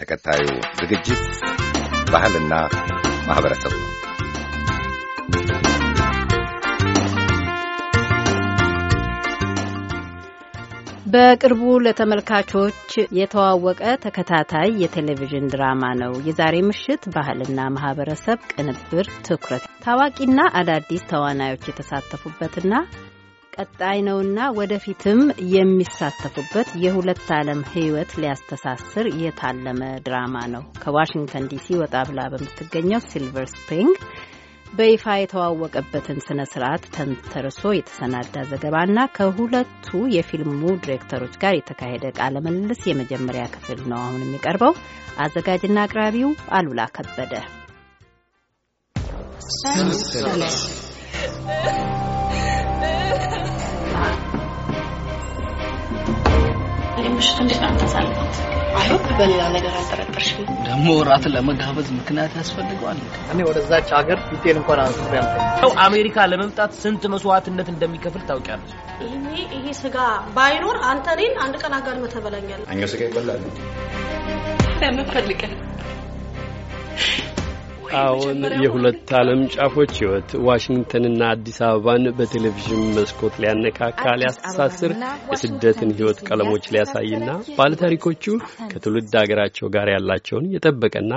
ተከታዩ ዝግጅት ባህልና ማህበረሰብ ነው። በቅርቡ ለተመልካቾች የተዋወቀ ተከታታይ የቴሌቪዥን ድራማ ነው። የዛሬ ምሽት ባህልና ማህበረሰብ ቅንብር ትኩረት ታዋቂና አዳዲስ ተዋናዮች የተሳተፉበትና ቀጣይ ነውና ወደፊትም የሚሳተፉበት የሁለት ዓለም ሕይወት ሊያስተሳስር የታለመ ድራማ ነው። ከዋሽንግተን ዲሲ ወጣ ብላ በምትገኘው ሲልቨር ስፕሪንግ በይፋ የተዋወቀበትን ስነ ስርዓት ተንተርሶ የተሰናዳ ዘገባና ከሁለቱ የፊልሙ ዲሬክተሮች ጋር የተካሄደ ቃለ ምልልስ የመጀመሪያ ክፍል ነው አሁን የሚቀርበው። አዘጋጅና አቅራቢው አሉላ ከበደ። ዛሬ ምሽት እንዴት ነው የምታሳልፉት? አይሆን በሌላ ነገር አልጠረጠርሽም። ደግሞ እራት ለመጋበዝ ምክንያት ያስፈልገዋል። እኔ ወደዛች ሀገር ፊቴን እንኳን አንስቤ ሰው አሜሪካ ለመምጣት ስንት መስዋዕትነት እንደሚከፍል ታውቂያለሽ? ይሄ ይሄ ስጋ ባይኖር አንተ እኔን አንድ ቀን አጋድመህ ትበላኛለህ። አንገ ስጋ ይበላል ለምን ፈልገህ አሁን የሁለት ዓለም ጫፎች ህይወት ዋሽንግተንና አዲስ አበባን በቴሌቪዥን መስኮት ሊያነካካ፣ ሊያስተሳስር የስደትን ህይወት ቀለሞች ሊያሳይና ባለታሪኮቹ ከትውልድ አገራቸው ጋር ያላቸውን የጠበቀና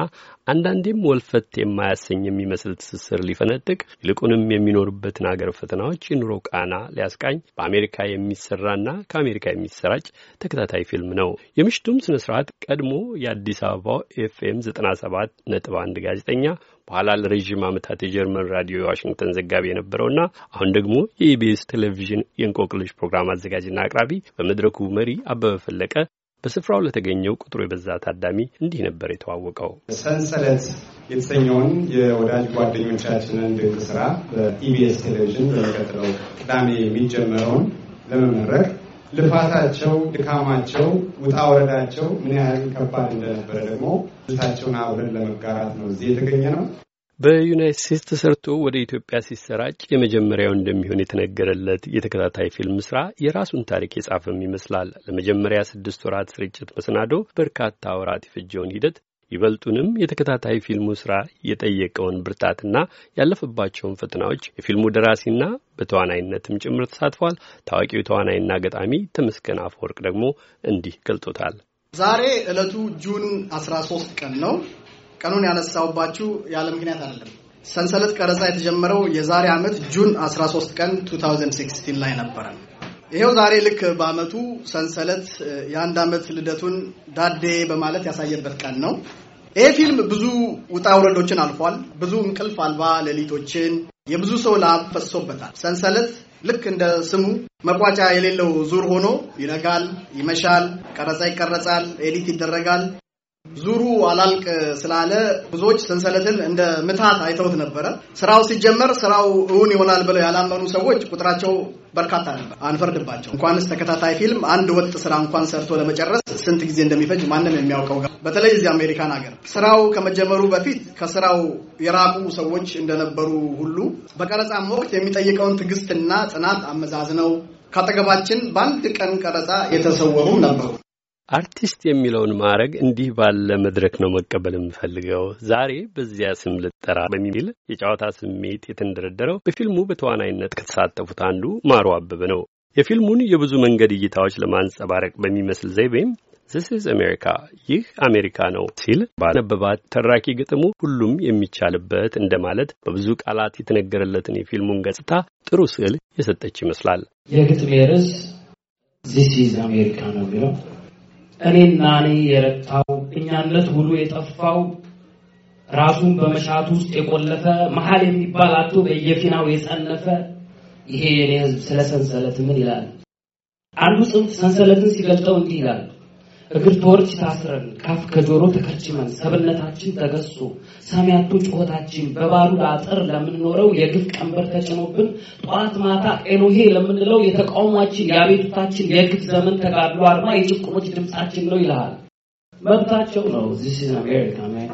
አንዳንዴም ወልፈት የማያሰኝ የሚመስል ትስስር ሊፈነጥቅ ይልቁንም የሚኖሩበትን አገር ፈተናዎች የኑሮ ቃና ሊያስቃኝ በአሜሪካ የሚሰራና ከአሜሪካ የሚሰራጭ ተከታታይ ፊልም ነው። የምሽቱም ስነ ስርዓት ቀድሞ የአዲስ አበባው ኤፍኤም 97 ነጥብ 1 ጋዜጠኛ በኋላ ለረዥም ዓመታት የጀርመን ራዲዮ የዋሽንግተን ዘጋቢ የነበረውና አሁን ደግሞ የኢቢኤስ ቴሌቪዥን የእንቆቅልሽ ፕሮግራም አዘጋጅና አቅራቢ በመድረኩ መሪ አበበ ፈለቀ በስፍራው ለተገኘው ቁጥሩ የበዛ ታዳሚ እንዲህ ነበር የተዋወቀው። ሰንሰለት የተሰኘውን የወዳጅ ጓደኞቻችንን ድንቅ ስራ በኢቢኤስ ቴሌቪዥን በሚቀጥለው ቅዳሜ የሚጀመረውን ለመመረቅ ልፋታቸው፣ ድካማቸው፣ ውጣ ወረዳቸው ምን ያህል ከባድ እንደነበረ ደግሞ ልታቸውን አብረን ለመጋራት ነው እዚህ የተገኘ ነው። በዩናይት ስቴትስ ተሰርቶ ወደ ኢትዮጵያ ሲሰራጭ የመጀመሪያው እንደሚሆን የተነገረለት የተከታታይ ፊልም ስራ የራሱን ታሪክ የጻፈም ይመስላል። ለመጀመሪያ ስድስት ወራት ስርጭት መሰናዶ በርካታ ወራት የፈጀውን ሂደት ይበልጡንም የተከታታይ ፊልሙ ስራ የጠየቀውን ብርታትና ያለፈባቸውን ፈተናዎች የፊልሙ ደራሲና በተዋናይነትም ጭምር ተሳትፏል። ታዋቂው ተዋናይና ገጣሚ ተመስገን አፈወርቅ ደግሞ እንዲህ ገልጦታል። ዛሬ ዕለቱ ጁን 13 ቀን ነው። ቀኑን ያነሳውባችሁ ያለ ምክንያት አይደለም። ሰንሰለት ቀረጻ የተጀመረው የዛሬ ዓመት ጁን 13 ቀን 2016 ላይ ነበረ። ይሄው ዛሬ ልክ በአመቱ ሰንሰለት የአንድ ዓመት ልደቱን ዳዴ በማለት ያሳየበት ቀን ነው። ይህ ፊልም ብዙ ውጣ ውረዶችን አልፏል። ብዙ እንቅልፍ አልባ ሌሊቶችን የብዙ ሰው ላብ ፈሶበታል። ሰንሰለት ልክ እንደ ስሙ መቋጫ የሌለው ዙር ሆኖ ይነጋል፣ ይመሻል፣ ቀረጻ ይቀረጻል፣ ኤዲት ይደረጋል፣ ዙሩ አላልቅ ስላለ ብዙዎች ሰንሰለትን እንደ ምታት አይተውት ነበረ። ስራው ሲጀመር ስራው እውን ይሆናል ብለው ያላመኑ ሰዎች ቁጥራቸው በርካታ ነበር። አንፈርድባቸው። እንኳንስ ተከታታይ ፊልም አንድ ወጥ ስራ እንኳን ሰርቶ ለመጨረስ ስንት ጊዜ እንደሚፈጅ ማንም የሚያውቀው ጋር በተለይ እዚህ አሜሪካን ሀገር ስራው ከመጀመሩ በፊት ከስራው የራቁ ሰዎች እንደነበሩ ሁሉ በቀረጻም ወቅት የሚጠይቀውን ትዕግስትና ጽናት አመዛዝነው ካጠገባችን በአንድ ቀን ቀረጻ የተሰወሩም ነበሩ። አርቲስት የሚለውን ማዕረግ እንዲህ ባለ መድረክ ነው መቀበል የምፈልገው፣ ዛሬ በዚያ ስም ልጠራ በሚል የጨዋታ ስሜት የተንደረደረው በፊልሙ በተዋናይነት ከተሳተፉት አንዱ ማሩ አበበ ነው። የፊልሙን የብዙ መንገድ እይታዎች ለማንጸባረቅ በሚመስል ዘይቤም ዚስ ኢዝ አሜሪካ ይህ አሜሪካ ነው ሲል ባነበባት ተራኪ ግጥሙ ሁሉም የሚቻልበት እንደማለት በብዙ ቃላት የተነገረለትን የፊልሙን ገጽታ ጥሩ ስዕል የሰጠች ይመስላል። የግጥሜ ርዕስ ዚስ ኢዝ አሜሪካ ነው የሚለው እኔና እኔ የረታው እኛነት ሁሉ የጠፋው ራሱን በመሻት ውስጥ የቆለፈ መሀል የሚባል አቶ በየፊናው የጸነፈ ይሄ የኔ ህዝብ ስለ ሰንሰለት ምን ይላል? አንዱ ጽንፍ ሰንሰለትን ሲገልጠው እንዲህ ይላል እግር ተወርች ታስረን ካፍ ከጆሮ ተከርችመን ሰብነታችን ተገዝቶ ሰሚ ያጡ ጩኸታችን በባሩድ አጥር ለምንኖረው የግፍ ቀንበር ተጭኖብን ጠዋት ማታ ኤሎሄ ለምንለው የተቃውሟችን የአቤቱታችን የግፍ ዘመን ተጋድሎ አርማ የጭቁኖች ድምፃችን ነው ይልሃል። መብታቸው ነው። ዚስ ኢዝ አሜሪካ ማን።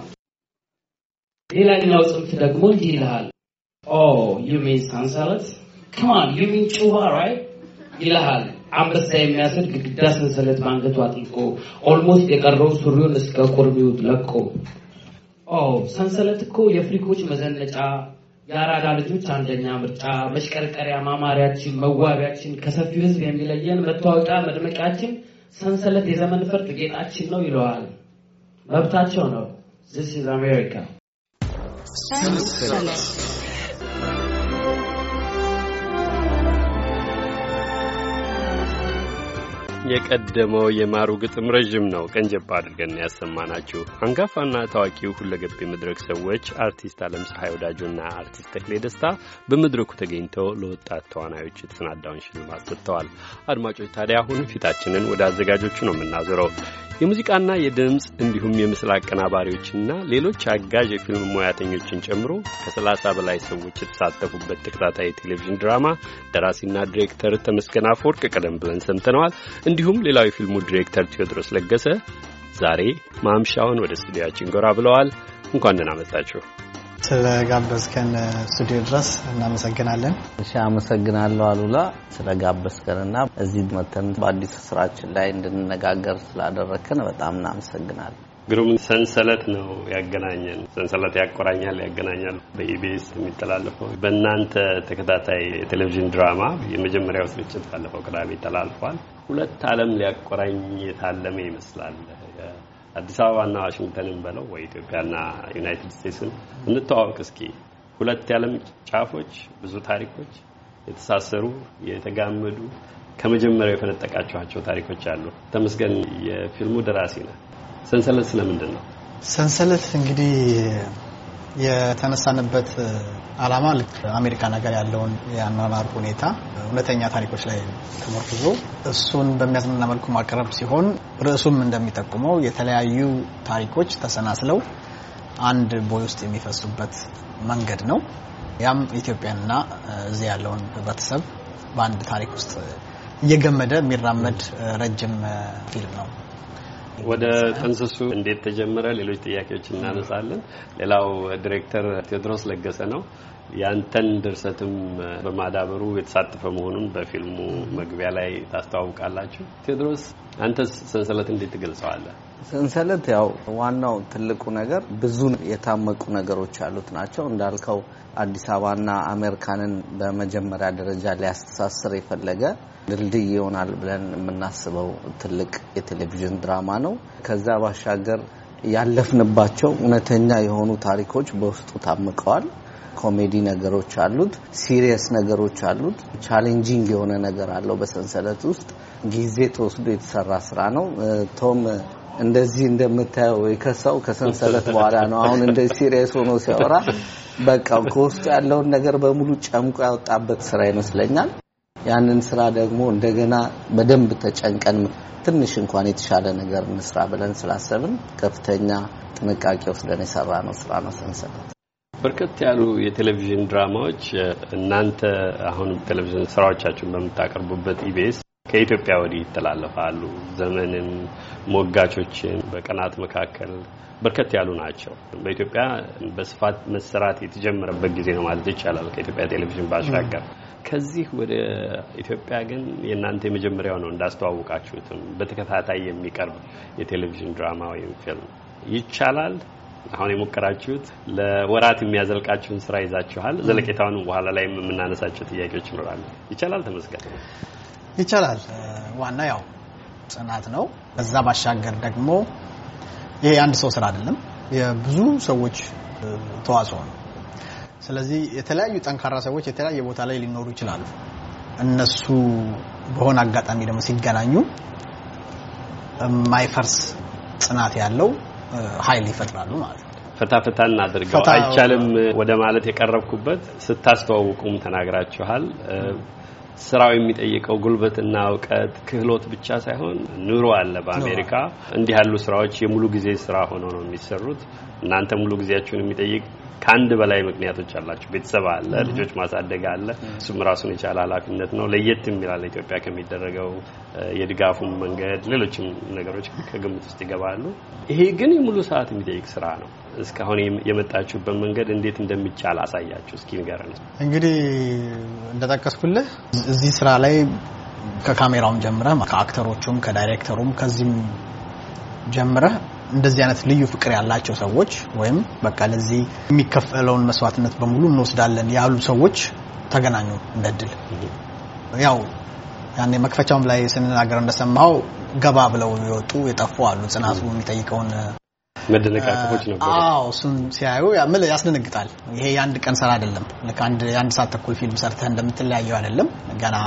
ሌላኛው ጽንፍ ደግሞ እንዲህ ይልሃል። ኦ ዩ ሚን ሳንሰለት ኦን ዩ ሚን ጩኋ ራይት ይልሃል አንበሳ የሚያስል ግድግዳ ሰንሰለት ማንገቱ አጥልቆ ኦልሞስት የቀረው ሱሪውን እስከ ቁርቢው ለቆ። ሰንሰለት እኮ የፍሪኮች መዘነጫ፣ የአራዳ ልጆች አንደኛ ምርጫ፣ መሽቀርቀሪያ፣ ማማሪያችን፣ መዋቢያችን፣ ከሰፊው ሕዝብ የሚለየን መታወቂያ መድመቂያችን፣ ሰንሰለት የዘመን ፍርድ ጌጣችን ነው ይለዋል። መብታቸው ነው። ዚስ ኢዝ አሜሪካ። ሰንሰለት የቀደመው የማሩ ግጥም ረዥም ነው። ቀንጀባ አድርገን ያሰማናችሁ አንጋፋና ታዋቂው ሁለገብ የመድረክ ሰዎች አርቲስት አለም ፀሐይ ወዳጆና አርቲስት ተክሌ ደስታ በመድረኩ ተገኝተው ለወጣት ተዋናዮች የተሰናዳውን ሽልማት ሰጥተዋል። አድማጮች ታዲያ አሁን ፊታችንን ወደ አዘጋጆቹ ነው የምናዞረው። የሙዚቃና የድምፅ እንዲሁም የምስል አቀናባሪዎችና ሌሎች አጋዥ የፊልም ሙያተኞችን ጨምሮ ከ30 በላይ ሰዎች የተሳተፉበት ተከታታይ ቴሌቪዥን ድራማ ደራሲና ዲሬክተር ተመስገን አፈወርቅ ቀደም ብለን ሰምተነዋል። እንዲሁም ሌላው የፊልሙ ዲሬክተር ቴዎድሮስ ለገሰ ዛሬ ማምሻውን ወደ ስቱዲያችን ጎራ ብለዋል። እንኳን ደህና መጣችሁ። ስለጋበዝከን ስቱዲዮ ድረስ እናመሰግናለን። እሺ፣ አመሰግናለሁ አሉላ ስለጋበዝከንና እዚህ መተን በአዲስ ስራችን ላይ እንድንነጋገር ስላደረክን በጣም እናመሰግናለን። ግሩም ሰንሰለት ነው ያገናኘን። ሰንሰለት ያቆራኛል፣ ያገናኛል። በኢቢኤስ የሚተላለፈው በእናንተ ተከታታይ የቴሌቪዥን ድራማ የመጀመሪያው ስርጭት ባለፈው ቅዳሜ ተላልፏል። ሁለት ዓለም ሊያቆራኝ የታለመ ይመስላል አዲስ አበባና ዋሽንግተንን በለው ወይ ኢትዮጵያና ዩናይትድ ስቴትስን እንተዋወቅ እስኪ። ሁለት የዓለም ጫፎች፣ ብዙ ታሪኮች፣ የተሳሰሩ የተጋመዱ ከመጀመሪያው የፈነጠቃችኋቸው ታሪኮች አሉ። ተመስገን የፊልሙ ደራሲ ነህ። ሰንሰለት ስለምንድን ነው? ሰንሰለት እንግዲህ የተነሳንበት አላማ ልክ አሜሪካ ሀገር ያለውን የአኗኗር ሁኔታ እውነተኛ ታሪኮች ላይ ተመርኩዞ እሱን በሚያዝናና መልኩ ማቅረብ ሲሆን ርዕሱም እንደሚጠቁመው የተለያዩ ታሪኮች ተሰናስለው አንድ ቦይ ውስጥ የሚፈሱበት መንገድ ነው። ያም ኢትዮጵያንና እዚህ ያለውን ህብረተሰብ በአንድ ታሪክ ውስጥ እየገመደ የሚራመድ ረጅም ፊልም ነው። ወደ ጥንስሱ እንዴት ተጀመረ ሌሎች ጥያቄዎች እናነሳለን። ሌላው ዲሬክተር ቴዎድሮስ ለገሰ ነው። ያንተን ድርሰትም በማዳበሩ የተሳተፈ መሆኑን በፊልሙ መግቢያ ላይ ታስተዋውቃላችሁ። ቴዎድሮስ፣ አንተ ሰንሰለት እንዴት ትገልጸዋለህ? ሰንሰለት ያው ዋናው ትልቁ ነገር ብዙ የታመቁ ነገሮች ያሉት ናቸው። እንዳልከው አዲስ አበባና አሜሪካንን በመጀመሪያ ደረጃ ሊያስተሳስር የፈለገ ድልድይ ይሆናል ብለን የምናስበው ትልቅ የቴሌቪዥን ድራማ ነው። ከዛ ባሻገር ያለፍንባቸው እውነተኛ የሆኑ ታሪኮች በውስጡ ታምቀዋል። ኮሜዲ ነገሮች አሉት፣ ሲሪየስ ነገሮች አሉት፣ ቻሌንጂንግ የሆነ ነገር አለው። በሰንሰለት ውስጥ ጊዜ ተወስዶ የተሰራ ስራ ነው። ቶም እንደዚህ እንደምታየው የከሳው ከሰንሰለት በኋላ ነው። አሁን እንደ ሲሪየስ ሆኖ ሲያወራ በቃ ከውስጡ ያለውን ነገር በሙሉ ጨምቆ ያወጣበት ስራ ይመስለኛል። ያንን ስራ ደግሞ እንደገና በደንብ ተጨንቀን ትንሽ እንኳን የተሻለ ነገር እንስራ ብለን ስላሰብን ከፍተኛ ጥንቃቄ ወስደን የሰራነው ስራ ነው ሰንሰለት። በርከት ያሉ የቴሌቪዥን ድራማዎች እናንተ አሁን ቴሌቪዥን ስራዎቻችሁን በምታቀርቡበት ኢቢኤስ ከኢትዮጵያ ወዲህ ይተላለፋሉ። ዘመንን፣ ሞጋቾችን በቀናት መካከል በርከት ያሉ ናቸው። በኢትዮጵያ በስፋት መሰራት የተጀመረበት ጊዜ ነው ማለት ይቻላል ከኢትዮጵያ ቴሌቪዥን ባሻገር ከዚህ ወደ ኢትዮጵያ ግን የእናንተ የመጀመሪያው ነው እንዳስተዋወቃችሁትም በተከታታይ የሚቀርብ የቴሌቪዥን ድራማ ወይም ፊልም ይቻላል። አሁን የሞከራችሁት ለወራት የሚያዘልቃችሁን ስራ ይዛችኋል። ዘለቄታውን በኋላ ላይ የምናነሳቸው ጥያቄዎች ይኖራሉ። ይቻላል ተመስገን ይቻላል። ዋና ያው ጽናት ነው። በዛ ባሻገር ደግሞ ይሄ አንድ ሰው ስራ አይደለም፣ የብዙ ሰዎች ተዋጽኦ ነው። ስለዚህ የተለያዩ ጠንካራ ሰዎች የተለያየ ቦታ ላይ ሊኖሩ ይችላሉ። እነሱ በሆነ አጋጣሚ ደግሞ ሲገናኙ የማይፈርስ ጽናት ያለው ኃይል ይፈጥራሉ ማለት ነው። ፈታ ፈታ እናድርገው አይቻልም ወደ ማለት የቀረብኩበት ስታስተዋውቁም ተናግራችኋል። ስራው የሚጠይቀው ጉልበትና እውቀት ክህሎት ብቻ ሳይሆን ኑሮ አለ። በአሜሪካ እንዲህ ያሉ ስራዎች የሙሉ ጊዜ ስራ ሆኖ ነው የሚሰሩት። እናንተ ሙሉ ጊዜያችሁን የሚጠይቅ ከአንድ በላይ ምክንያቶች አላችሁ። ቤተሰብ አለ፣ ልጆች ማሳደግ አለ። እሱም ራሱን የቻለ ኃላፊነት ነው። ለየት የሚላል ኢትዮጵያ ከሚደረገው የድጋፉን መንገድ፣ ሌሎችም ነገሮች ከግምት ውስጥ ይገባሉ። ይሄ ግን የሙሉ ሰዓት የሚጠይቅ ስራ ነው። እስካሁን የመጣችሁበት መንገድ እንዴት እንደሚቻል አሳያችሁ እስኪ ንገረን። እንግዲህ እንደጠቀስኩልህ እዚህ ስራ ላይ ከካሜራውም ጀምረ ከአክተሮቹም ከዳይሬክተሩም ከዚህም ጀምረ እንደዚህ አይነት ልዩ ፍቅር ያላቸው ሰዎች ወይም በቃ ለዚህ የሚከፈለውን መስዋዕትነት በሙሉ እንወስዳለን ያሉ ሰዎች ተገናኙ እንደ እድል። ያው ያኔ መክፈቻውም ላይ ስንናገር እንደሰማው ገባ ብለው የወጡ የጠፉ አሉ። ጽናቱ የሚጠይቀውን መደነቃቀፎች ነበሩ። አዎ እሱን ሲያዩ ምን ያስደነግጣል። ይሄ የአንድ ቀን ስራ አይደለም። ልክ የአንድ ሰዓት ተኩል ፊልም ሰርተህ እንደምትለያየው አይደለም ገና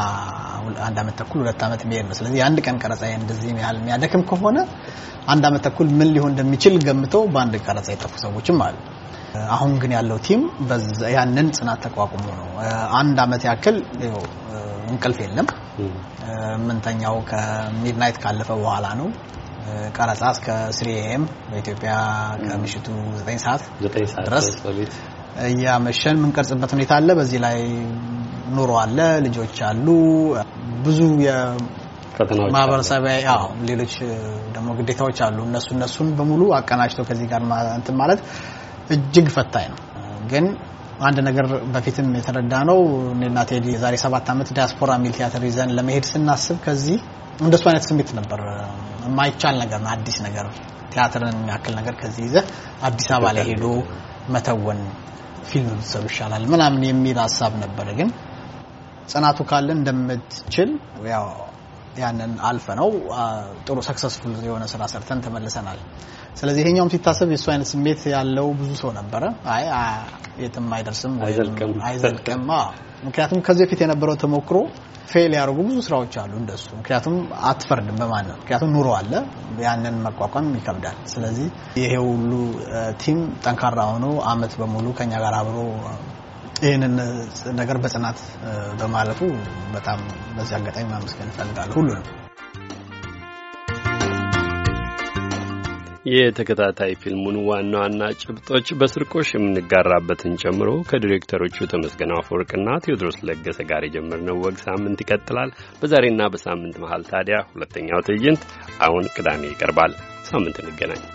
አንድ አመት ተኩል ሁለት አመት የሚሄድ ነው። ስለዚህ የአንድ ቀን ቀረጻ እንደዚህ ያህል የሚያደክም ከሆነ አንድ አመት ተኩል ምን ሊሆን እንደሚችል ገምተው በአንድ ቀረጻ የጠፉ ሰዎችም አሉ። አሁን ግን ያለው ቲም ያንን ጽናት ተቋቁሞ ነው። አንድ አመት ያክል እንቅልፍ የለም። ምንተኛው ከሚድናይት ካለፈ በኋላ ነው። ቀረጻ እስከ ስሪ ኤም በኢትዮጵያ ከምሽቱ 9 ሰዓት ድረስ እያመሸን የምንቀርጽበት ሁኔታ አለ። በዚህ ላይ ኑሮ አለ፣ ልጆች አሉ፣ ብዙ ማህበረሰባዊ ሌሎች ደግሞ ግዴታዎች አሉ። እነሱ እነሱን በሙሉ አቀናጅቶ ከዚህ ጋር እንትን ማለት እጅግ ፈታኝ ነው። ግን አንድ ነገር በፊትም የተረዳ ነው። እኔና ቴዲ የዛሬ ሰባት ዓመት ዲያስፖራ የሚል ቲያትር ይዘን ለመሄድ ስናስብ ከዚህ እንደሱ አይነት ስሜት ነበር። የማይቻል ነገር ነው፣ አዲስ ነገር ቲያትርን የሚያክል ነገር ከዚህ ይዘ አዲስ አበባ ላይ ሄዶ መተወን ፊልም ብትሰሩ ይሻላል ምናምን የሚል ሀሳብ ነበረ። ግን ጽናቱ ካለ እንደምትችል ያው ያንን አልፈ ነው ጥሩ ሰክሰስፉል የሆነ ስራ ሰርተን ተመልሰናል። ስለዚህ ይሄኛውም ሲታሰብ የእሱ አይነት ስሜት ያለው ብዙ ሰው ነበረ። አይ የትም አይደርስም አይዘልቅም። ምክንያቱም ከዚህ በፊት የነበረው ተሞክሮ ፌል ያደርጉ ብዙ ስራዎች አሉ እንደሱ። ምክንያቱም አትፈርድም በማንም ምክንያቱም ኑሮ አለ፣ ያንን መቋቋም ይከብዳል። ስለዚህ ይሄ ሁሉ ቲም ጠንካራ ሆኖ አመት በሙሉ ከኛ ጋር አብሮ ይህንን ነገር በጽናት በማለፉ በጣም በዚህ አጋጣሚ ማመስገን እፈልጋለሁ ሁሉንም የተከታታይ ፊልሙን ዋና ዋና ጭብጦች በስርቆሽ የምንጋራበትን ጨምሮ ከዲሬክተሮቹ ተመስገን አፈወርቅና ቴዎድሮስ ለገሰ ጋር የጀመርነው ወግ ሳምንት ይቀጥላል። በዛሬና በሳምንት መሀል ታዲያ ሁለተኛው ትዕይንት አሁን ቅዳሜ ይቀርባል። ሳምንት እንገናኝ።